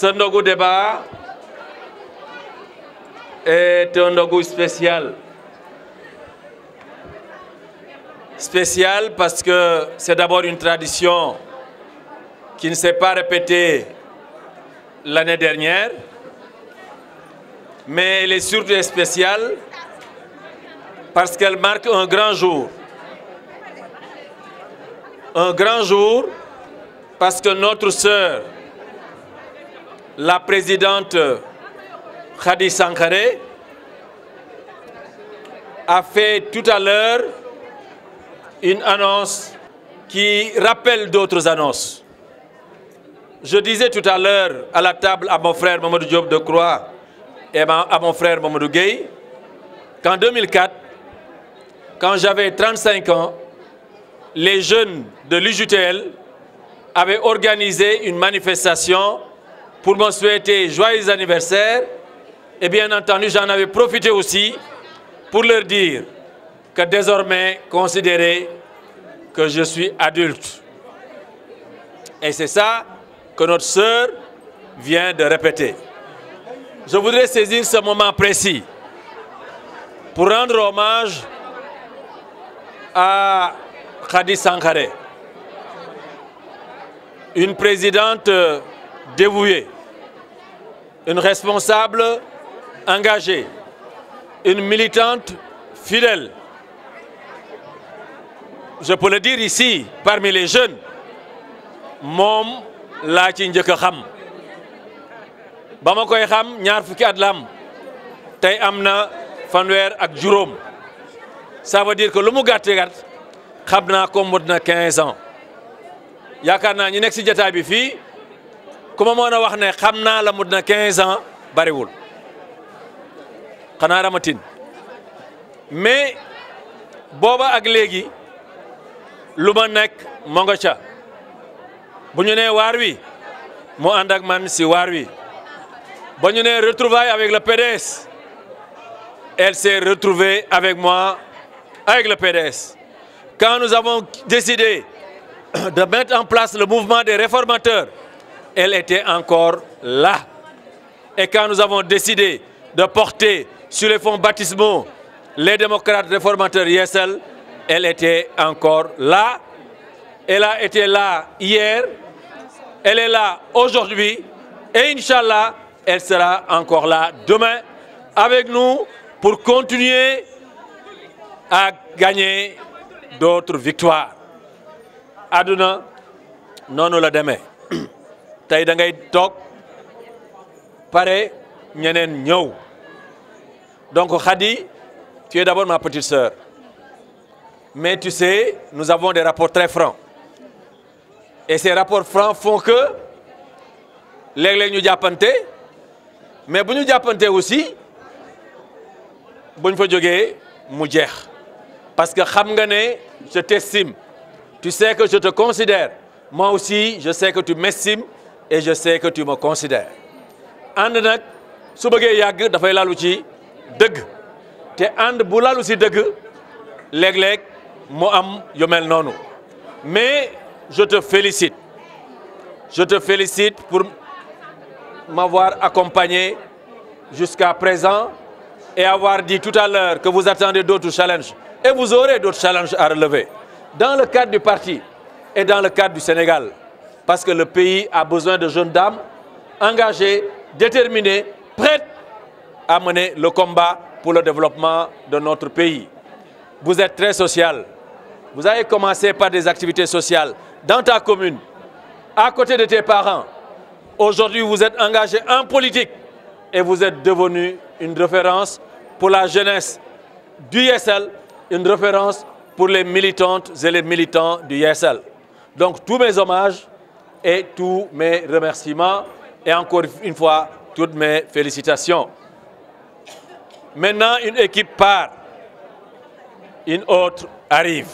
Ce Nogu débat est un Nogu spécial. Spécial parce que c'est d'abord une tradition qui ne s'est pas répétée l'année dernière, mais elle est surtout spéciale parce qu'elle marque un grand jour. Un grand jour parce que notre sœur, la présidente Khadi Sankaré a fait tout à l'heure une annonce qui rappelle d'autres annonces. Je disais tout à l'heure à la table à mon frère Mamadou Diop de Croix et à mon frère Mamadou Gueye qu'en 2004, quand j'avais 35 ans, les jeunes de l'UJTL avaient organisé une manifestation pour me souhaiter joyeux anniversaire. Et bien entendu, j'en avais profité aussi pour leur dire que désormais, considérez que je suis adulte. Et c'est ça que notre sœur vient de répéter. Je voudrais saisir ce moment précis pour rendre hommage à Khadi Sankaré, une présidente dévouée, une responsable engagée, une militante fidèle. Je peux le dire ici, parmi les jeunes, mom la ci njëkk Bama xam ba koy xam ñaar fukki at la am tey am ak juróom ça veut dire que lu mu gàtte gàtt xam ko 15 ans yakarna ñu ñi nekk si bi fi Comment on a dit, que la 15 ans bariwul mais Boba ak léegi lu ma nekk mo nga ca si avec le PDS elle s'est retrouvée avec moi avec le PDS quand nous avons décidé de mettre en place le mouvement des réformateurs elle était encore là. Et quand nous avons décidé de porter sur les fonds baptismaux les démocrates réformateurs ISL, elle était encore là. Elle a été là hier, elle est là aujourd'hui et Inch'Allah, elle sera encore là demain avec nous pour continuer à gagner d'autres victoires. Aduna, non nous la demain tay da ngay tok pare ñeneen ñew donc Khadi, tu es d'abord ma petite soeur. mais tu sais nous avons des rapports très francs et ces rapports francs font que les gens nous jàppante mais nous nous aussi bon fa parce que xam nga je t'estime tu sais que je te considère moi aussi je sais que tu m'estimes et je sais que tu me considères mais je te félicite je te félicite pour m'avoir accompagné jusqu'à présent et avoir dit tout à l'heure que vous attendez d'autres challenges et vous aurez d'autres challenges à relever dans le cadre du parti et dans le cadre du Sénégal parce que le pays a besoin de jeunes dames engagées, déterminées, prêtes à mener le combat pour le développement de notre pays. Vous êtes très social. Vous avez commencé par des activités sociales dans ta commune, à côté de tes parents. Aujourd'hui, vous êtes engagé en politique et vous êtes devenu une référence pour la jeunesse du ISL, une référence pour les militantes et les militants du ISL. Donc tous mes hommages et tous mes remerciements et encore une fois, toutes mes félicitations. Maintenant, une équipe part, une autre arrive.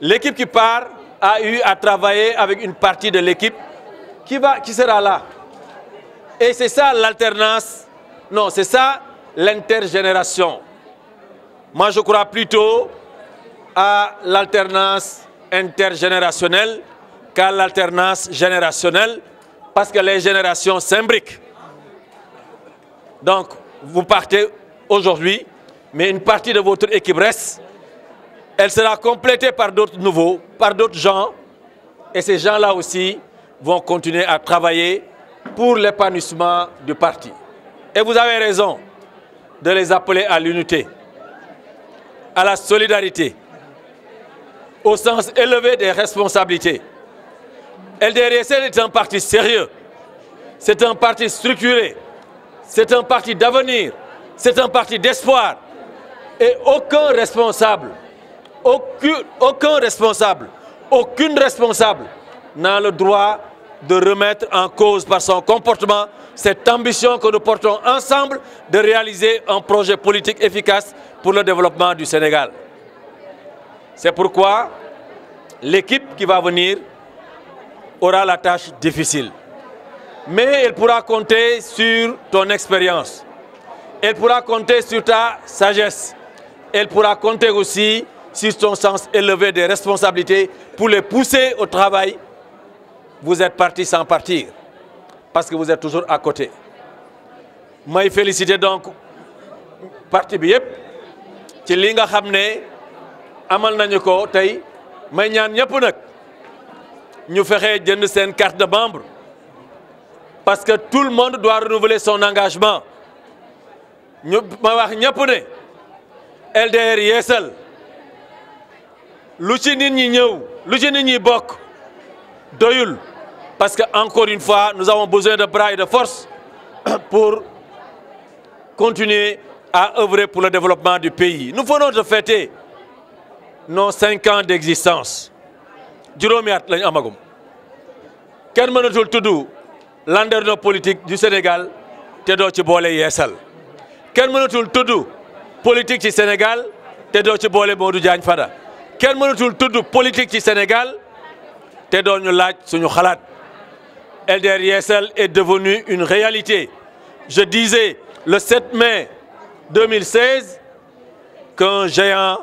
L'équipe qui part a eu à travailler avec une partie de l'équipe qui, va, qui sera là. Et c'est ça l'alternance, non, c'est ça l'intergénération. Moi, je crois plutôt à l'alternance intergénérationnelle qu'à l'alternance générationnelle, parce que les générations s'imbriquent. Donc, vous partez aujourd'hui, mais une partie de votre équipe reste. Elle sera complétée par d'autres nouveaux, par d'autres gens. Et ces gens-là aussi vont continuer à travailler pour l'épanouissement du parti. Et vous avez raison de les appeler à l'unité, à la solidarité, au sens élevé des responsabilités. LDRSL est un parti sérieux, c'est un parti structuré, c'est un parti d'avenir, c'est un parti d'espoir. Et aucun responsable, aucun responsable, aucune responsable n'a le droit de remettre en cause par son comportement cette ambition que nous portons ensemble de réaliser un projet politique efficace pour le développement du Sénégal. C'est pourquoi l'équipe qui va venir aura la tâche difficile. Mais elle pourra compter sur ton expérience. Elle pourra compter sur ta sagesse. Elle pourra compter aussi sur ton sens élevé des responsabilités pour les pousser au travail. Vous êtes parti sans partir parce que vous êtes toujours à côté. Je félicite donc parti BIEP. ci amal nanyoko ko may nous ferons une carte de membre parce que tout le monde doit renouveler son engagement Nous ma wax LDR parce que encore une fois nous avons besoin de bras et de force pour continuer à œuvrer pour le développement du pays. Nous venons de fêter nos cinq ans d'existence juróomi Quel amagum kenn mënatul tudd landerneau politique du Sénégal té do ci bolé yeesal kenn mënatul politique du Sénégal té do ci bolé Modou Diagne Fada kenn mënatul politique ci Sénégal te do ñu laaj suñu xalaat LDR isl est devenu une réalité je disais le 7 mai 2016 qu'un géant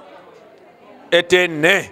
était né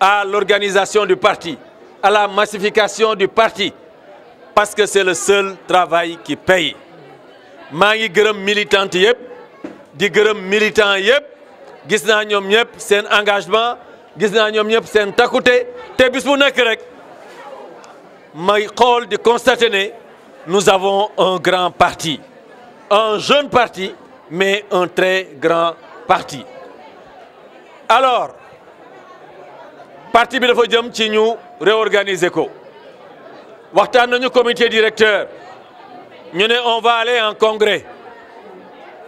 à l'organisation du parti, à la massification du parti, parce que c'est le seul travail qui paye. Mangi grum militant yep, di un militant yep, gis un ñoom ñëpp engagement gis naa ñoom un seen takkute te bis bu nekk rek may constater nous avons un grand parti un jeune parti mais un très grand parti alors parti bi dafa jëm ci ñu réorganiser ko waxtaan comité directeur ñu on va aller en congrès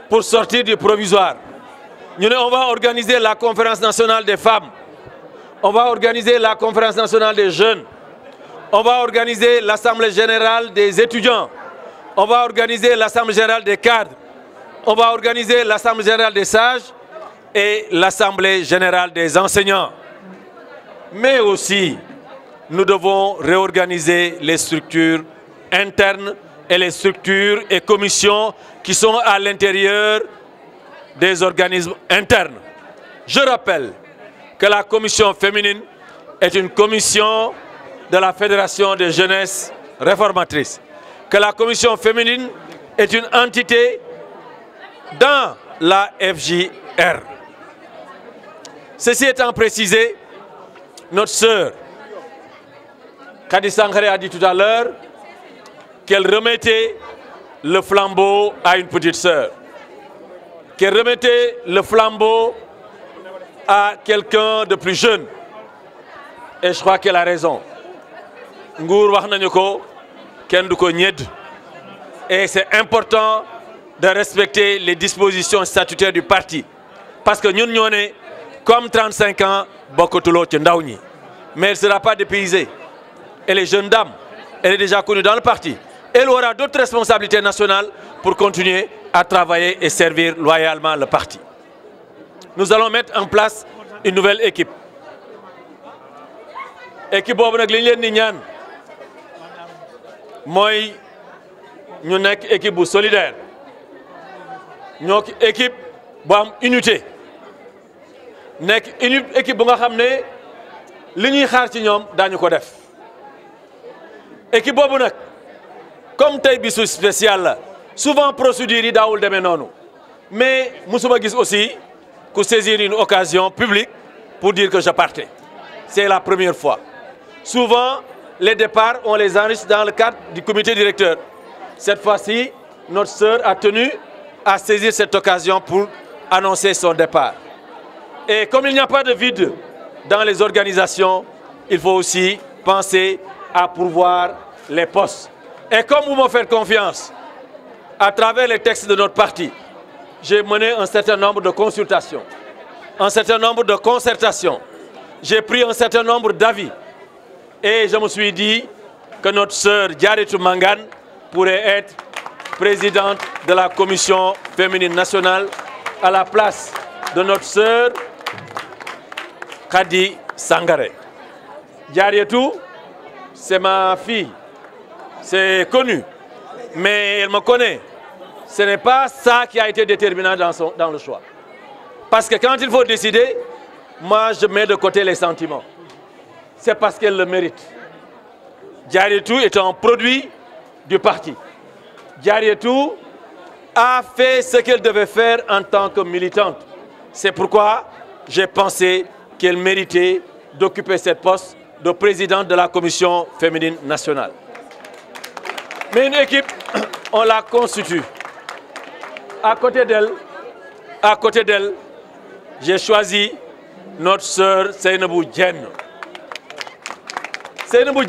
pour sortir du provisoire Nous allons on va organiser la conférence nationale des femmes on va organiser la conférence nationale des jeunes on va organiser l'assemblée générale des étudiants on va organiser l'assemblée générale des cadres on va organiser l'assemblée générale des sages et l'assemblée générale des enseignants mais aussi nous devons réorganiser les structures internes et les structures et commissions qui sont à l'intérieur des organismes internes. Je rappelle que la commission féminine est une commission de la Fédération des jeunesse réformatrice. Que la commission féminine est une entité dans la FJR. Ceci étant précisé, notre sœur, Kadi a dit tout à l'heure qu'elle remettait le flambeau à une petite sœur, qu'elle remettait le flambeau à quelqu'un de plus jeune. Et je crois qu'elle a raison. Ngour Wahnanyoko, Kenduko Et c'est important de respecter les dispositions statutaires du parti. Parce que nous, nous, comme 35 ans, mais elle ne sera pas dépaysée elle est jeune dame elle est déjà connue dans le parti elle aura d'autres responsabilités nationales pour continuer à travailler et servir loyalement le parti nous allons mettre en place une nouvelle équipe équipe de nag Moi, nous sommes ñaan équipe solidaire équipe unité nek une équipe bu nga xamné ne li ñuy xaar ci ñom dañu ko équipe comme un spécial la souvent procédure. yi daawul demee nonu mais musuma gis aussi ku saisir une occasion publique pour dire que je partais c'est la première fois souvent les départs on les enregistre dans le cadre du comité directeur cette fois-ci notre sœur a tenu à saisir cette occasion pour annoncer son départ et comme il n'y a pas de vide dans les organisations, il faut aussi penser à pourvoir les postes. Et comme vous me faites confiance, à travers les textes de notre parti, j'ai mené un certain nombre de consultations, un certain nombre de concertations, j'ai pris un certain nombre d'avis. Et je me suis dit que notre sœur Diaretou Mangan pourrait être présidente de la Commission féminine nationale à la place de notre sœur Kadi Sangare. Diarietou, c'est ma fille. C'est connu. Mais elle me connaît. Ce n'est pas ça qui a été déterminant dans, dans le choix. Parce que quand il faut décider, moi je mets de côté les sentiments. C'est parce qu'elle le mérite. Diarietou est un produit du parti. tout a fait ce qu'elle devait faire en tant que militante. C'est pourquoi j'ai pensé qu'elle méritait d'occuper cette poste de présidente de la Commission féminine nationale. Mais une équipe, on la constitue. À côté d'elle, à côté d'elle, j'ai choisi notre sœur Seynabou Djen. Seynabou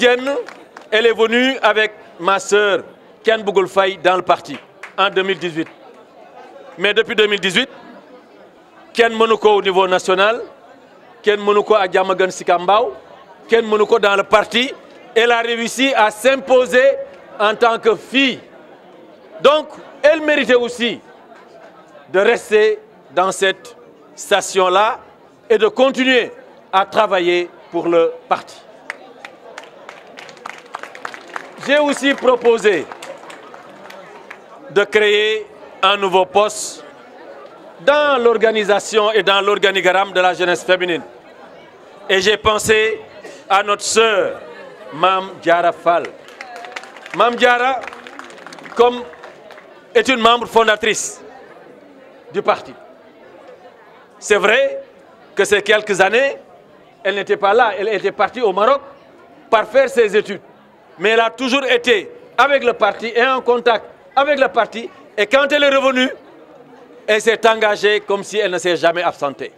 elle est venue avec ma sœur Ken Bougoul dans le parti en 2018. Mais depuis 2018, Ken Monoko au niveau national, Ken Monoko à si Ken Monoko dans le parti elle a réussi à s'imposer en tant que fille donc elle méritait aussi de rester dans cette station-là et de continuer à travailler pour le parti. J'ai aussi proposé de créer un nouveau poste dans l'organisation et dans l'organigramme de la jeunesse féminine. Et j'ai pensé à notre sœur, Mam Diara Fall. Mam Diara, comme est une membre fondatrice du parti. C'est vrai que ces quelques années, elle n'était pas là, elle était partie au Maroc par faire ses études. Mais elle a toujours été avec le parti et en contact avec le parti. Et quand elle est revenue, elle s'est engagée comme si elle ne s'est jamais absentée.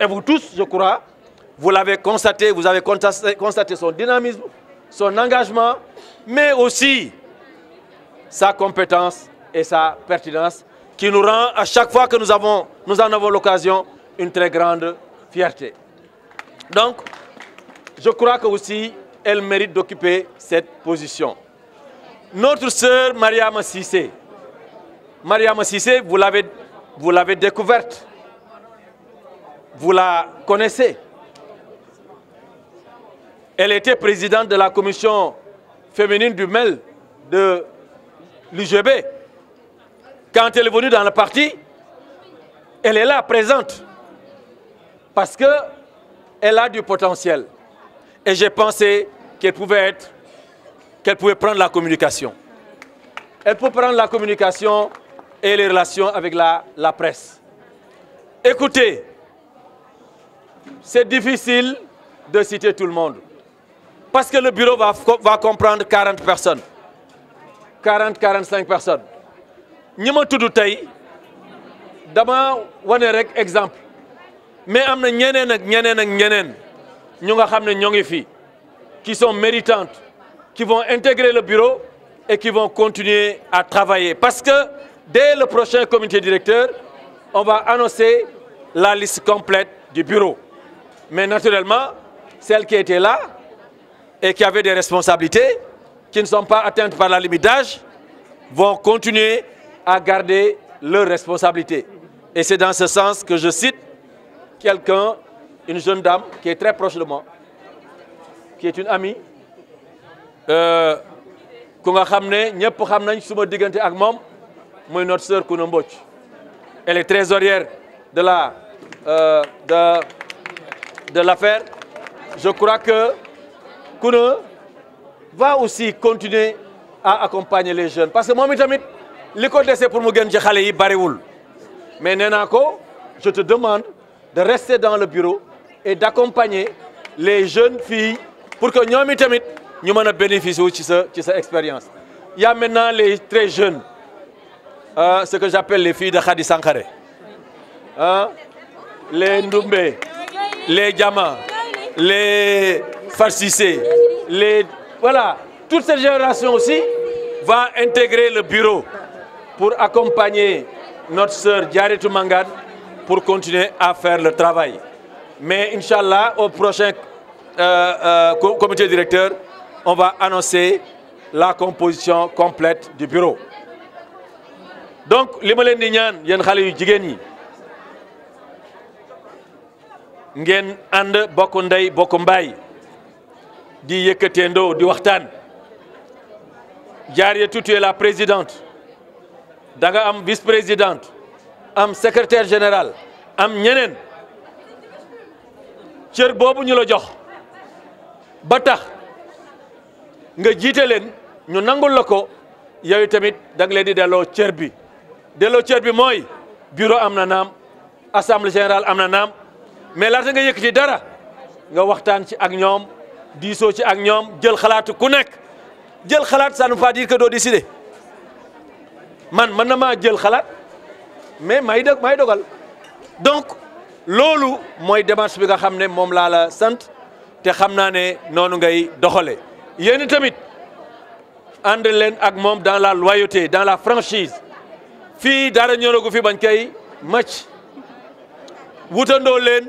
Et vous tous, je crois, vous l'avez constaté, vous avez constaté son dynamisme, son engagement, mais aussi sa compétence et sa pertinence qui nous rend à chaque fois que nous, avons, nous en avons l'occasion une très grande fierté. Donc, je crois que aussi elle mérite d'occuper cette position. Notre sœur Maria Massissé, Mariam Sissé, vous l'avez découverte, vous la connaissez. Elle était présidente de la commission féminine du MEL de l'UGB. Quand elle est venue dans le parti, elle est là, présente, parce qu'elle a du potentiel. Et j'ai pensé qu'elle pouvait être, qu'elle pouvait prendre la communication. Elle peut prendre la communication et les relations avec la presse. Écoutez, c'est difficile de citer tout le monde. Parce que le bureau va, comprendre 40 personnes. 40, 45 personnes. Nous avons tout D'abord, on un exemple. Mais nous avons des filles qui sont méritantes, qui vont intégrer le bureau et qui vont continuer à travailler. Parce que dès le prochain comité directeur, on va annoncer la liste complète du bureau. Mais naturellement, celle qui était là, et qui avaient des responsabilités, qui ne sont pas atteintes par la limite d'âge, vont continuer à garder leurs responsabilités. Et c'est dans ce sens que je cite quelqu'un, une jeune dame qui est très proche de moi, qui est une amie, euh, notre elle est trésorière de la euh, de de l'affaire je crois que Koune va aussi continuer à accompagner les jeunes parce que moi pour mais Nenako, je te demande de rester dans le bureau et d'accompagner les jeunes filles pour que nous, puissions bénéficier y a maintenant les très jeunes euh, ce que j'appelle les filles de Khadi Sankaré euh, les Ndumbé les gamins les Farcissés, les... Voilà, toute cette génération aussi va intégrer le bureau pour accompagner notre sœur Diaretou Mangad pour continuer à faire le travail. Mais Inch'Allah, au prochain euh, euh, comité directeur, on va annoncer la composition complète du bureau. Donc, les Nignan, ngeen ànd bokk ndey bokk mbaay di yëkkateendoo di waxtaan Diarietou tu es la présidente da nga am vice présidente am secrétaire général am ñeneen cër boobu ñu la jox ba tax nga jiite leen ñu nangul la ko yow tamit da nga leen di delloo cër bi delloo cër bi mooy bureau am na naam assemblée générale am na naam. mais laata nga yëkkati dara nga waxtaan ci ak ñoom diisoo ci ak ñoom jël xalaatu ku nekk jël xalaat ça ne veut pas dire que doo décider man mën na maa jël xalaat mais may may dogal donc loolu mooy démarche bi nga xam ne moom laa la sant te xam naa ne noonu ngay doxale yéen tamit ànd leen ak moom dans la loyauté dans la franchise fii dara ñorogu fi bañ koy macc wutandoo leen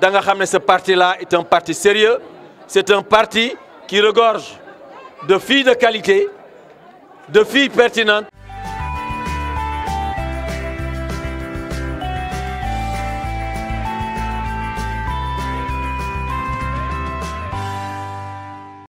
Dangaham, ce parti-là est un parti sérieux c'est un parti qui regorge de filles de qualité de filles pertinentes